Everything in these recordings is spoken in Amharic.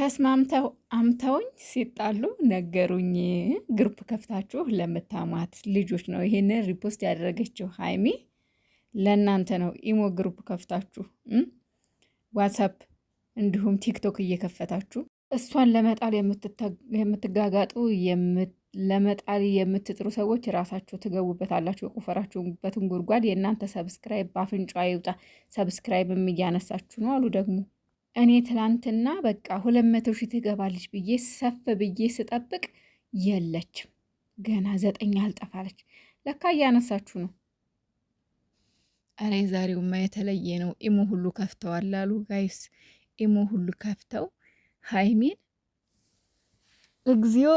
ተስማምተው አምተውኝ ሲጣሉ ነገሩኝ። ግሩፕ ከፍታችሁ ለምታማት ልጆች ነው ይሄንን ሪፖስት ያደረገችው ሀይሚ፣ ለእናንተ ነው። ኢሞ ግሩፕ ከፍታችሁ ዋትሳፕ፣ እንዲሁም ቲክቶክ እየከፈታችሁ እሷን ለመጣል የምትጋጋጡ ለመጣል የምትጥሩ ሰዎች ራሳችሁ ትገቡበታላችሁ። የቆፈራችሁበትን ጉድጓድ የእናንተ ሰብስክራይብ በአፍንጫ ይውጣ። ሰብስክራይብም እያነሳችሁ ነው አሉ ደግሞ እኔ ትላንትና በቃ ሁለት መቶ ሺህ ትገባለች ብዬ ሰፍ ብዬ ስጠብቅ የለችም። ገና ዘጠኝ አልጠፋለች። ለካ እያነሳችሁ ነው። እረ ዛሬውማ የተለየ ነው። ኢሞ ሁሉ ከፍተዋል አሉ ጋይስ። ኢሞ ሁሉ ከፍተው ሀይሚን እግዚኦ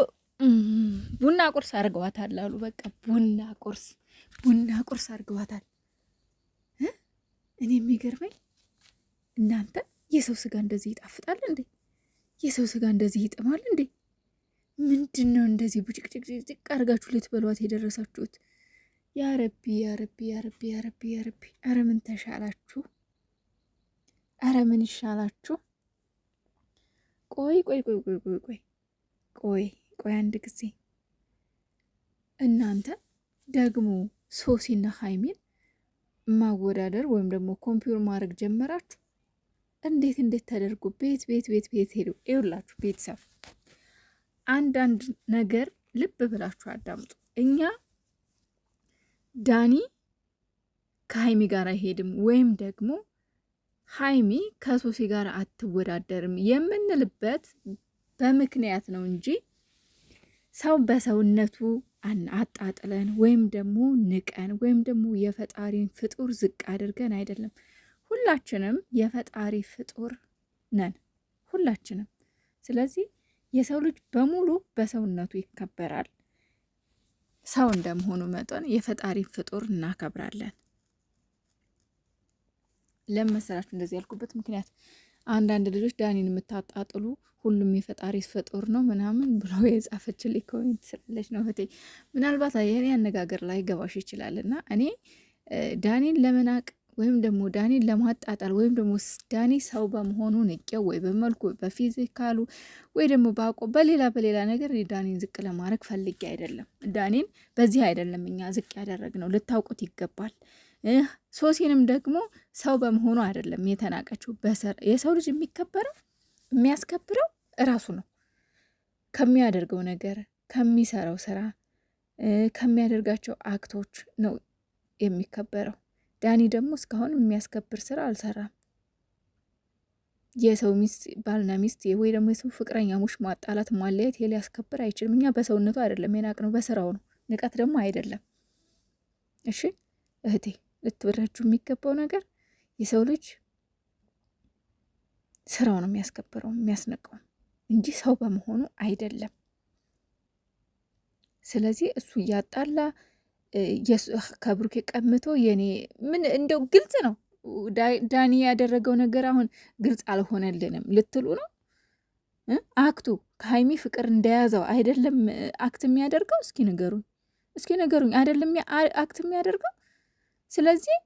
ቡና ቁርስ አርገዋታል አሉ። በቃ ቡና ቁርስ ቡና ቁርስ አድርገዋታል። እኔ የሚገርመኝ እናንተ የሰው ስጋ እንደዚህ ይጣፍጣል እንዴ? የሰው ስጋ እንደዚህ ይጥማል እንዴ? ምንድን ነው እንደዚህ ቡጭቅጭቅጭቅ አድርጋችሁ ልትበሏት የደረሳችሁት? ያረቢ ያረቢ ያረቢ ያረቢ ያረቢ። አረ ምን ተሻላችሁ? አረ ምን ይሻላችሁ? ቆይ ቆይ ቆይ ቆይ ቆይ ቆይ ቆይ ቆይ አንድ ጊዜ እናንተ ደግሞ ሶሲና ሀይሚን ማወዳደር ወይም ደግሞ ኮምፒውተር ማድረግ ጀመራችሁ። እንዴት እንዴት ተደርጎ ቤት ቤት ቤት ቤት ሄዱ። ይውላችሁ ቤተሰብ አንዳንድ ነገር ልብ ብላችሁ አዳምጡ። እኛ ዳኒ ከሀይሚ ጋር አይሄድም ወይም ደግሞ ሀይሚ ከሶሲ ጋር አትወዳደርም የምንልበት በምክንያት ነው እንጂ ሰው በሰውነቱ አጣጥለን ወይም ደግሞ ንቀን ወይም ደግሞ የፈጣሪን ፍጡር ዝቅ አድርገን አይደለም። ሁላችንም የፈጣሪ ፍጡር ነን ሁላችንም። ስለዚህ የሰው ልጅ በሙሉ በሰውነቱ ይከበራል። ሰው እንደመሆኑ መጠን የፈጣሪ ፍጡር እናከብራለን። ለመሰላችሁ እንደዚህ ያልኩበት ምክንያት አንዳንድ ልጆች ዳኒን የምታጣጥሉ ሁሉም የፈጣሪ ፍጡር ነው ምናምን ብሎ የጻፈችልኝ ኮሜንት ስላለች ነው ምናልባት የኔ አነጋገር ላይ ገባሽ ይችላል እና እኔ ዳኒን ለመናቅ ወይም ደግሞ ዳኒ ለማጣጣል ወይም ደግሞ ዳኒ ሰው በመሆኑ ንቄው ወይ በመልኩ በፊዚካሉ ወይ ደግሞ በአቆ በሌላ በሌላ ነገር ዳኒን ዝቅ ለማድረግ ፈልጌ አይደለም። ዳኒን በዚህ አይደለም እኛ ዝቅ ያደረግ ነው ልታውቁት ይገባል። ሶሲንም ደግሞ ሰው በመሆኑ አይደለም የተናቀችው። የሰው ልጅ የሚከበረው የሚያስከብረው እራሱ ነው ከሚያደርገው ነገር ከሚሰራው ስራ ከሚያደርጋቸው አክቶች ነው የሚከበረው። ዳኒ ደግሞ እስካሁን የሚያስከብር ስራ አልሰራም። የሰው ሚስት ባልና ሚስት ወይ ደግሞ የሰው ፍቅረኛሞች ማጣላት፣ ማለያየት ይሄ ሊያስከብር አይችልም። እኛ በሰውነቱ አይደለም የናቅ ነው፣ በስራው ነው። ንቀት ደግሞ አይደለም። እሺ እህቴ ልትብረጁ የሚገባው ነገር የሰው ልጅ ስራው ነው የሚያስከብረው የሚያስነቀው እንጂ ሰው በመሆኑ አይደለም። ስለዚህ እሱ እያጣላ ከብሩኬ ቀምቶ የኔ ምን እንደው ግልጽ ነው። ዳኒ ያደረገው ነገር አሁን ግልጽ አልሆነልንም ልትሉ ነው። አክቱ ከሀይሚ ፍቅር እንደያዘው አይደለም አክት የሚያደርገው። እስኪ ንገሩኝ፣ እስኪ ንገሩኝ፣ አይደለም አክት የሚያደርገው። ስለዚህ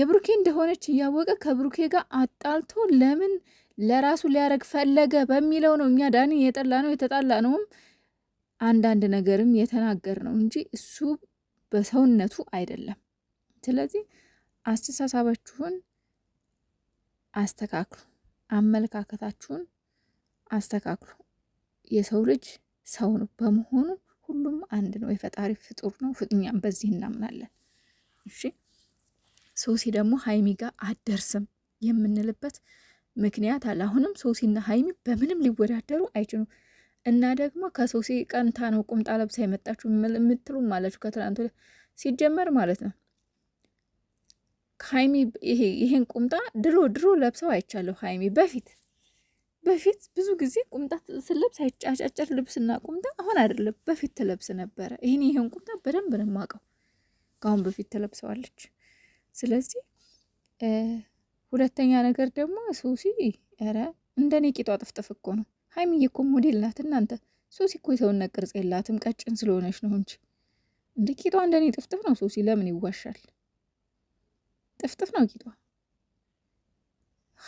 የብሩኬ እንደሆነች እያወቀ ከብሩኬ ጋር አጣልቶ ለምን ለራሱ ሊያደርግ ፈለገ በሚለው ነው እኛ ዳኒ የጠላ ነው የተጣላ ነውም አንዳንድ ነገርም የተናገር ነው እንጂ እሱ በሰውነቱ አይደለም። ስለዚህ አስተሳሰባችሁን አስተካክሉ፣ አመለካከታችሁን አስተካክሉ። የሰው ልጅ ሰው ነው በመሆኑ ሁሉም አንድ ነው፣ የፈጣሪ ፍጡር ነው። እኛም በዚህ እናምናለን። እሺ ሶሲ ደግሞ ሀይሚ ጋር አደርስም የምንልበት ምክንያት አለ። አሁንም ሶሲና ሀይሚ በምንም ሊወዳደሩ አይችሉም። እና ደግሞ ከሶሲ ቀንታ ነው ቁምጣ ለብሳ የመጣችሁ የምትሉም አላችሁ። ከትናንት ሲጀመር ማለት ነው ሀይሚ ይሄ ይሄን ቁምጣ ድሮ ድሮ ለብሰው አይቻለሁ። ሀይሚ በፊት በፊት ብዙ ጊዜ ቁምጣ ስለብስ አጫጭር ልብስና ቁምጣ አሁን አይደለም በፊት ትለብስ ነበረ። ይህን ይሄን ቁምጣ በደንብ ነው የማውቀው። ከአሁን በፊት ትለብሰዋለች። ስለዚህ ሁለተኛ ነገር ደግሞ ሶሲ ኧረ እንደኔ ቂጧ ጥፍጥፍ እኮ ነው። ሀይሚዬ እኮ ሞዴል ናት እናንተ። ሶሲ እኮ የሰውነት ቅርጽ የላትም ቀጭን ስለሆነች ነው እንጂ እንደ ቂጧ እንደኔ ጥፍጥፍ ነው። ሶሲ ለምን ይዋሻል? ጥፍጥፍ ነው ቂጧ።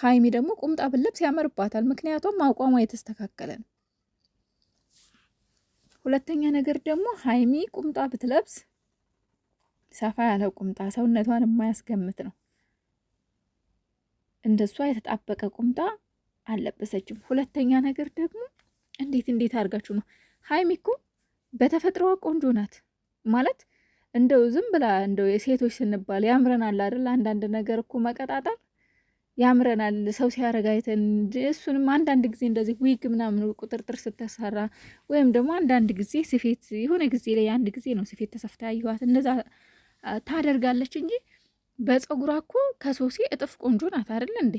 ሀይሚ ደግሞ ቁምጣ ብለብስ ያምርባታል። ምክንያቱም አቋሟ የተስተካከለ ነው። ሁለተኛ ነገር ደግሞ ሀይሚ ቁምጣ ብትለብስ ሰፋ ያለ ቁምጣ ሰውነቷን የማያስገምት ነው። እንደሷ የተጣበቀ ቁምጣ አለበሰችም። ሁለተኛ ነገር ደግሞ እንዴት እንዴት አድርጋችሁ ነው ሀይሚ እኮ በተፈጥሮዋ ቆንጆ ናት ማለት እንደው ዝም ብላ እንደው የሴቶች ስንባል ያምረናል አይደል? አንዳንድ ነገር እኮ መቀጣጠል ያምረናል ሰው ሲያረግ አይተን እንጂ እሱንም አንዳንድ ጊዜ እንደዚህ ዊግ ምናምን ቁጥርጥር ስተሰራ ወይም ደግሞ አንዳንድ ጊዜ ስፌት የሆነ ጊዜ ላይ አንድ ጊዜ ነው ስፌት ተሰፍታ ያየኋት እንደዛ ታደርጋለች እንጂ በፀጉሯ እኮ ከሶሴ እጥፍ ቆንጆ ናት አይደል እንዴ?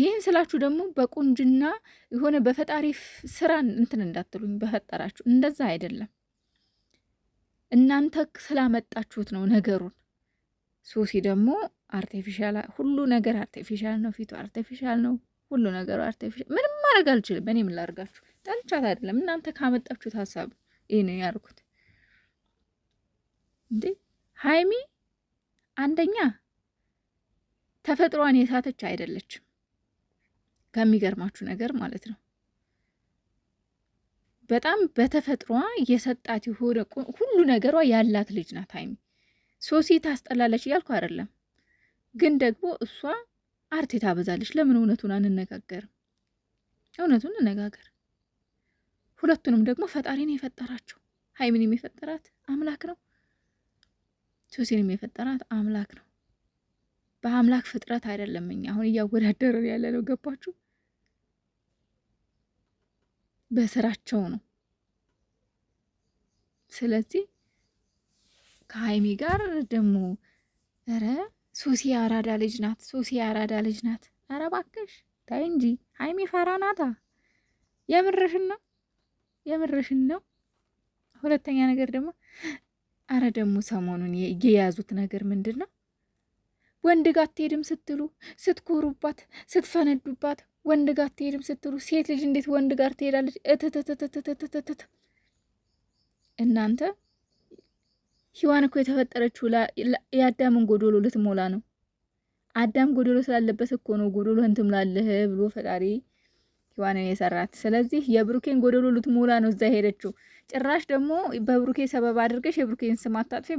ይህን ስላችሁ ደግሞ በቁንጅና የሆነ በፈጣሪ ስራን እንትን እንዳትሉኝ በፈጠራችሁ፣ እንደዛ አይደለም። እናንተ ስላመጣችሁት ነው ነገሩን። ሶሲ ደግሞ አርቲፊሻል፣ ሁሉ ነገር አርቲፊሻል ነው፣ ፊቱ አርቲፊሻል ነው፣ ሁሉ ነገሩ አርቲፊሻል። ምንም ማድረግ አልችልም። እኔ ምን ላድርጋችሁ? ጠልቻት አይደለም፣ እናንተ ካመጣችሁት ሀሳብ ይህ ነው ያልኩት። እንዴ ሀይሚ አንደኛ ተፈጥሯን የሳተች አይደለችም። ከሚገርማችሁ ነገር ማለት ነው በጣም በተፈጥሯ የሰጣት የሆነ ሁሉ ነገሯ ያላት ልጅ ናት ሀይሚ። ሶሲ ታስጠላለች እያልኩ አይደለም፣ ግን ደግሞ እሷ አርቴ ታበዛለች። ለምን እውነቱን አንነጋገርም? እውነቱን እንነጋገር። ሁለቱንም ደግሞ ፈጣሪን የፈጠራቸው ሀይሚንም የሚፈጠራት አምላክ ነው፣ ሶሲንም የሚፈጠራት አምላክ ነው። በአምላክ ፍጥረት አይደለም እኛ አሁን እያወዳደረን ያለ ነው። ገባችሁ? በስራቸው ነው። ስለዚህ ከሀይሚ ጋር ደግሞ ኧረ ሶሲ አራዳ ልጅ ናት፣ ሶሲ አራዳ ልጅ ናት። ኧረ እባክሽ ታይ እንጂ ሀይሚ ፈራ ናታ። የምርሽን ነው የምርሽን ነው። ሁለተኛ ነገር ደግሞ አረ ደግሞ ሰሞኑን የያዙት ነገር ምንድን ነው? ወንድ ጋር አትሄድም ስትሉ ስትኮሩባት ስትፈነዱባት ወንድ ጋር አትሄድም ስትሉ ሴት ልጅ እንዴት ወንድ ጋር ትሄዳለች? እትትትትትትትትት እናንተ ሂዋን እኮ የተፈጠረችው የአዳምን ጎዶሎ ልትሞላ ነው። አዳም ጎዶሎ ስላለበት እኮ ነው ጎዶሎ እንትን ላለህ ብሎ ፈጣሪ ሔዋንን የሰራት። ስለዚህ የብሩኬን ጎዶሎ ልትሞላ ነው እዛ ሄደችው። ጭራሽ ደግሞ በብሩኬ ሰበብ አድርገሽ የብሩኬን ስም አታጥፊ፣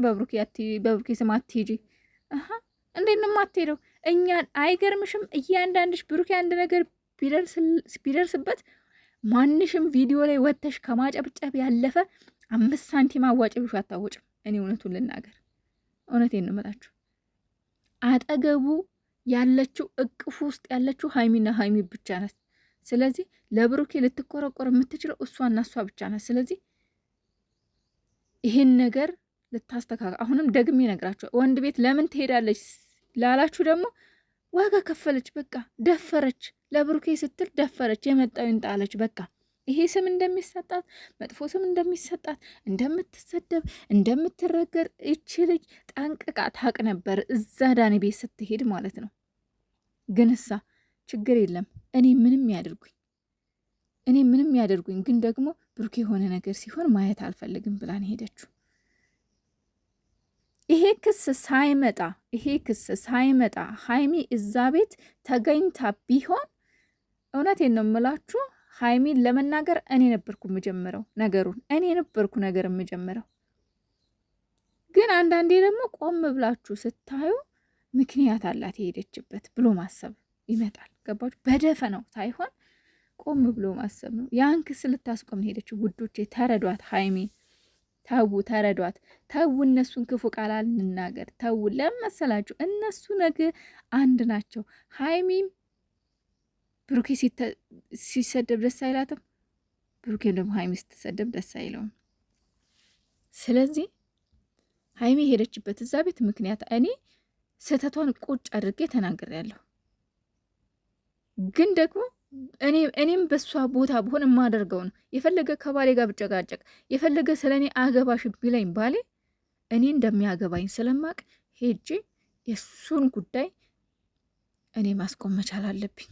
በብሩኬ ስም አትሄጂ። እንዴት ነው የማትሄደው? እኛ አይገርምሽም? እያንዳንድሽ ብሩኬ አንድ ነገር ቢደርስበት ማንሽም ቪዲዮ ላይ ወጥተሽ ከማጨብጨብ ያለፈ አምስት ሳንቲም አዋጭብሽ አታወጭም። እኔ እውነቱን ልናገር፣ እውነቴን ነው የምላችሁ። አጠገቡ ያለችው እቅፉ ውስጥ ያለችው ሀይሚና ሀይሚ ብቻ ናት። ስለዚህ ለብሩኬ ልትቆረቆር የምትችለው እሷና እሷ ብቻ ናት። ስለዚህ ይህን ነገር ልታስተካከል አሁንም ደግሜ ነግራቸው ወንድ ቤት ለምን ትሄዳለች ላላችሁ ደግሞ ዋጋ ከፈለች፣ በቃ ደፈረች። ለብሩኬ ስትል ደፈረች፣ የመጣውን ጣለች። በቃ ይሄ ስም እንደሚሰጣት መጥፎ ስም እንደሚሰጣት እንደምትሰደብ እንደምትረገር ይቺ ልጅ ጠንቅቃ ታቅ ነበር፣ እዛ ዳኒ ቤት ስትሄድ ማለት ነው። ግን እሳ ችግር የለም እኔ ምንም ያደርጉኝ እኔ ምንም ያደርጉኝ፣ ግን ደግሞ ብሩኬ የሆነ ነገር ሲሆን ማየት አልፈልግም ብላን ሄደችው። ይሄ ክስ ሳይመጣ ይሄ ክስ ሳይመጣ ሀይሚ እዛ ቤት ተገኝታ ቢሆን እውነቴን ነው የምላችሁ ሀይሚን ለመናገር እኔ ነበርኩ የምጀምረው ነገሩን እኔ ነበርኩ ነገር የምጀምረው። ግን አንዳንዴ ደግሞ ቆም ብላችሁ ስታዩ ምክንያት አላት የሄደችበት ብሎ ማሰብ ይመጣል። ገባችሁ? በደፈናው ሳይሆን ቆም ብሎ ማሰብ ነው። ያን ክስ ልታስቆም ሄደች። ውዶቼ ተረዷት፣ ሀይሚ ተዉ፣ ተረዷት፣ ተዉ። እነሱን ክፉ ቃል አልንናገር፣ ተዉ። ለመሰላችሁ እነሱ ነገ አንድ ናቸው። ሀይሚም ብሩኬ ሲሰደብ ደስ አይላትም፣ ብሩኬም ደግሞ ሀይሚ ስትሰደብ ደስ አይለውም። ስለዚህ ሀይሚ የሄደችበት እዛ ቤት ምክንያት እኔ ስህተቷን ቁጭ አድርጌ ያለሁ ግን ደግሞ እኔም በሷ ቦታ ብሆን የማደርገው ነው። የፈለገ ከባሌ ጋር ብጨቃጨቅ፣ የፈለገ ስለ እኔ አገባሽ ቢለኝ ባሌ እኔ እንደሚያገባኝ ስለማቅ ሄጄ የእሱን ጉዳይ እኔ ማስቆም መቻል አለብኝ።